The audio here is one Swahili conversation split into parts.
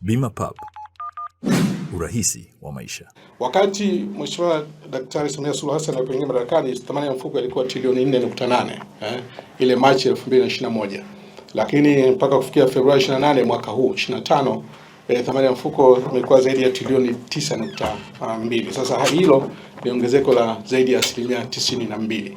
Bima pub urahisi wa maisha. Wakati Mheshimiwa Daktari Samia Suluhu Hassan alipoingia madarakani, thamani ya mfuko ilikuwa trilioni 4.8 eh, ile Machi 2021, lakini mpaka kufikia Februari 28 mwaka huu 25 eh, thamani ya mfuko imekuwa zaidi ya trilioni 9.2. Sasa hilo ni ongezeko la zaidi ya asilimia 92.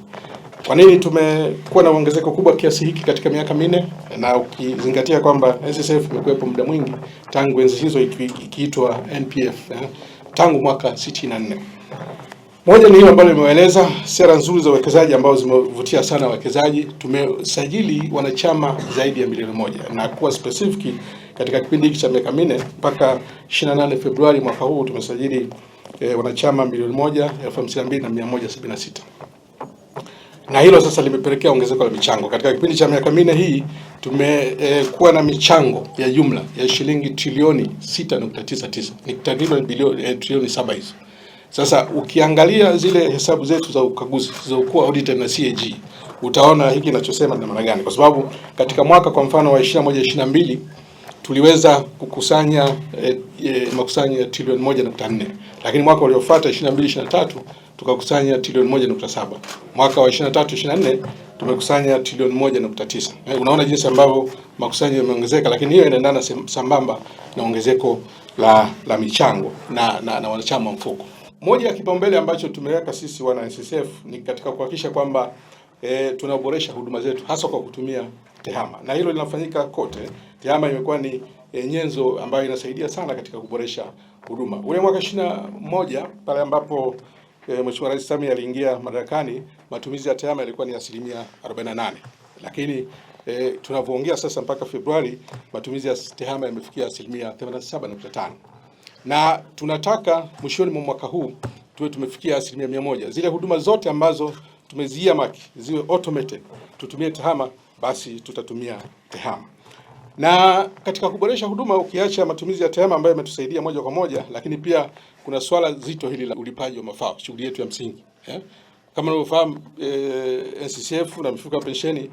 Kwa nini tumekuwa na ongezeko kubwa kiasi hiki katika miaka minne, na ukizingatia kwamba NSSF imekuwepo muda mwingi tangu enzi hizo ikiitwa NPF eh, tangu mwaka 64. Moja ni hiyo ambayo nimeeleza, sera nzuri za uwekezaji ambazo zimevutia sana wawekezaji. Tumesajili wanachama zaidi ya milioni moja na kuwa specific katika kipindi hiki cha miaka minne mpaka 28 Februari mwaka huu tumesajili eh, wanachama milioni moja elfu hamsini na mbili na mia moja sabini na sita na hilo sasa limepelekea ongezeko la michango katika kipindi cha miaka minne hii. Tumekuwa e, na michango ya jumla ya shilingi trilioni 6.99 ni takriban bilioni e, trilioni saba hizo. Sasa ukiangalia zile hesabu zetu za ukaguzi zilizokuwa audit na CAG utaona hiki ninachosema ni maana gani, kwa sababu katika mwaka kwa mfano wa 21 22 tuliweza kukusanya e, e, makusanyo ya trilioni moja lakini mwaka uliofuata 22 23 tukakusanya trilioni moja mwaka wa 23 24 tumekusanya trilioni moja eh, unaona jinsi ambavyo makusanyo yameongezeka, lakini hiyo inaendana sambamba na ongezeko la, la michango na, na, na wanachama wa mfuko. Moja ya kipaumbele ambacho tumeweka sisi wana NSSF ni katika kuhakikisha kwamba e, tunaboresha huduma zetu hasa kwa kutumia TEHAMA na hilo linafanyika kote. TEHAMA imekuwa ni e, nyenzo ambayo inasaidia sana katika kuboresha huduma. Ule mwaka ishirini na moja pale ambapo e, Mheshimiwa Rais Samia aliingia madarakani, matumizi ya TEHAMA yalikuwa ni asilimia 48, lakini e, tunavyoongea sasa mpaka Februari matumizi ya TEHAMA yamefikia asilimia 87.5 na tunataka mwishoni mwa mwaka huu tuwe tumefikia asilimia mia moja. Zile huduma zote ambazo tumezia maki ziwe automated, tutumie tehama, basi tutatumia tehama. Na katika kuboresha huduma, ukiacha matumizi ya tehama ambayo yametusaidia moja kwa moja, lakini pia kuna swala zito hili la ulipaji wa mafao, shughuli yetu ya msingi yeah. Kama unavyofahamu eh, NCCF na mifuko ya pensheni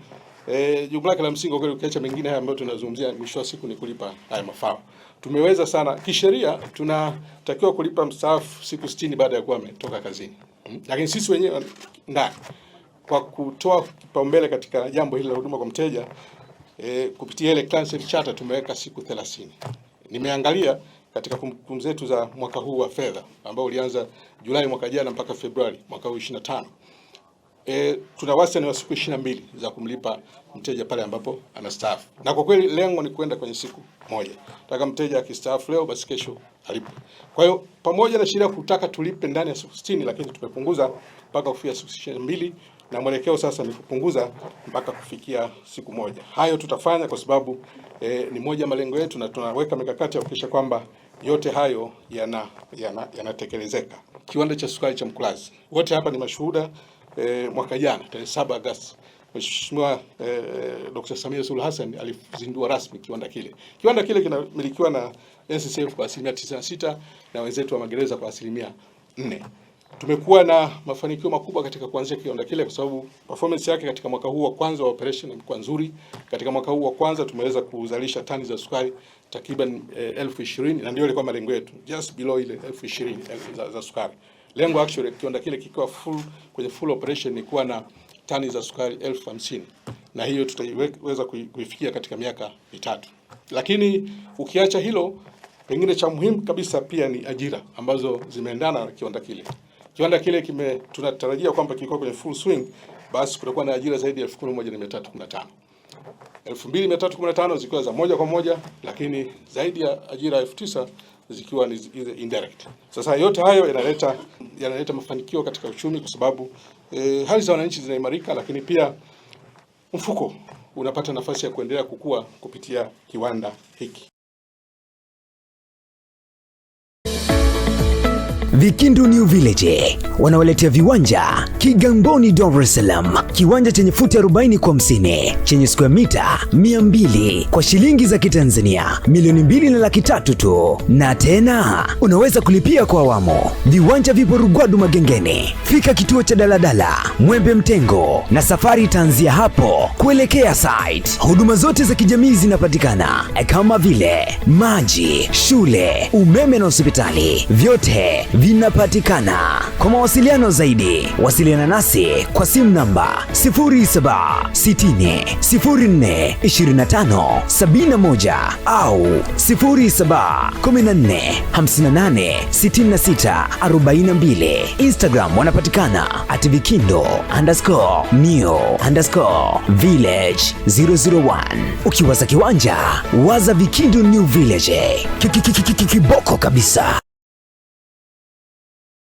eh, jukumu lake la msingi kwa ukiacha mengine haya ambayo tunazungumzia, mwisho wa siku ni kulipa haya mafao. Tumeweza sana kisheria, tunatakiwa kulipa mstaafu siku 60 baada ya kuwa ametoka kazini hmm? Lakini sisi wenyewe ndani kwa kutoa kipaumbele katika jambo hili la huduma kwa mteja e, kupitia ile Clientele Charter tumeweka siku 30. Nimeangalia katika kumbukumbu zetu za mwaka huu wa fedha ambao ulianza Julai mwaka jana mpaka Februari mwaka huu 25. E, eh, tuna wastani wa siku 22 za kumlipa mteja pale ambapo anastaafu, na kwa kweli lengo ni kwenda kwenye siku moja. Nataka mteja akistaafu leo, basi kesho alipe. Kwa hiyo pamoja na sheria kutaka tulipe ndani ya siku 60, lakini tumepunguza mpaka kufikia siku 22, na mwelekeo sasa ni kupunguza mpaka kufikia siku moja. Hayo tutafanya kwa sababu e, ni moja malengo yetu, na tunaweka mikakati ya kuhakikisha kwamba yote hayo yanatekelezeka. Yana, yana kiwanda cha sukari cha Mkulazi, wote hapa ni mashuhuda e, mwaka jana tarehe 7 Agosti Mheshimiwa e, eh, Dr. Samia Suluhu Hassan alizindua rasmi kiwanda kile. Kiwanda kile kinamilikiwa na NCCF kwa asilimia 96 na wenzetu wa magereza kwa asilimia 4. Tumekuwa na mafanikio makubwa katika kuanzia kiwanda kile kwa sababu performance yake katika mwaka huu wa kwanza wa operation imekuwa nzuri. Katika mwaka huu wa kwanza tumeweza kuzalisha tani za sukari takriban eh, elfu ishirini na ndio ilikuwa malengo yetu, just below ile elfu za, za sukari. Lengo actually kiwanda kile kikiwa full kwenye full operation ni kuwa na tani za sukari elfu hamsini na hiyo tutaweza kuifikia katika miaka mitatu. Lakini ukiacha hilo, pengine cha muhimu kabisa pia ni ajira ambazo zimeendana na kiwanda kile. Kiwanda kile kime tunatarajia kwamba kikiwa kwenye full swing, basi kutakuwa na ajira zaidi ya 11315 2315 zikiwa za moja kwa moja, lakini zaidi ya ajira elfu tisa zikiwa ni indirect. Sasa yote hayo yanaleta yanaleta mafanikio katika uchumi kwa sababu eh, hali za wananchi zinaimarika, lakini pia mfuko unapata nafasi ya kuendelea kukua kupitia kiwanda hiki. Vikindu New Village wanawaletea viwanja Kigamboni, Dar es Salaam, kiwanja chenye futi 40 kwa 50 chenye square mita 200 kwa shilingi za Kitanzania milioni mbili na laki tatu tu, na tena unaweza kulipia kwa awamu. Viwanja vipo Rugwadu Magengeni, fika kituo cha daladala Mwembe Mtengo na safari itaanzia hapo kuelekea site. Huduma zote za kijamii zinapatikana kama vile maji, shule, umeme na hospitali, vyote vinapatikana. Kwa mawasiliano zaidi, wasiliana nasi kwa simu namba 0760042571 au 0714586642. Instagram wanapatikana at vikindo underscore new underscore village 001. Ukiwaza kiwanja waza Vikindo New Village, kiboko kabisa.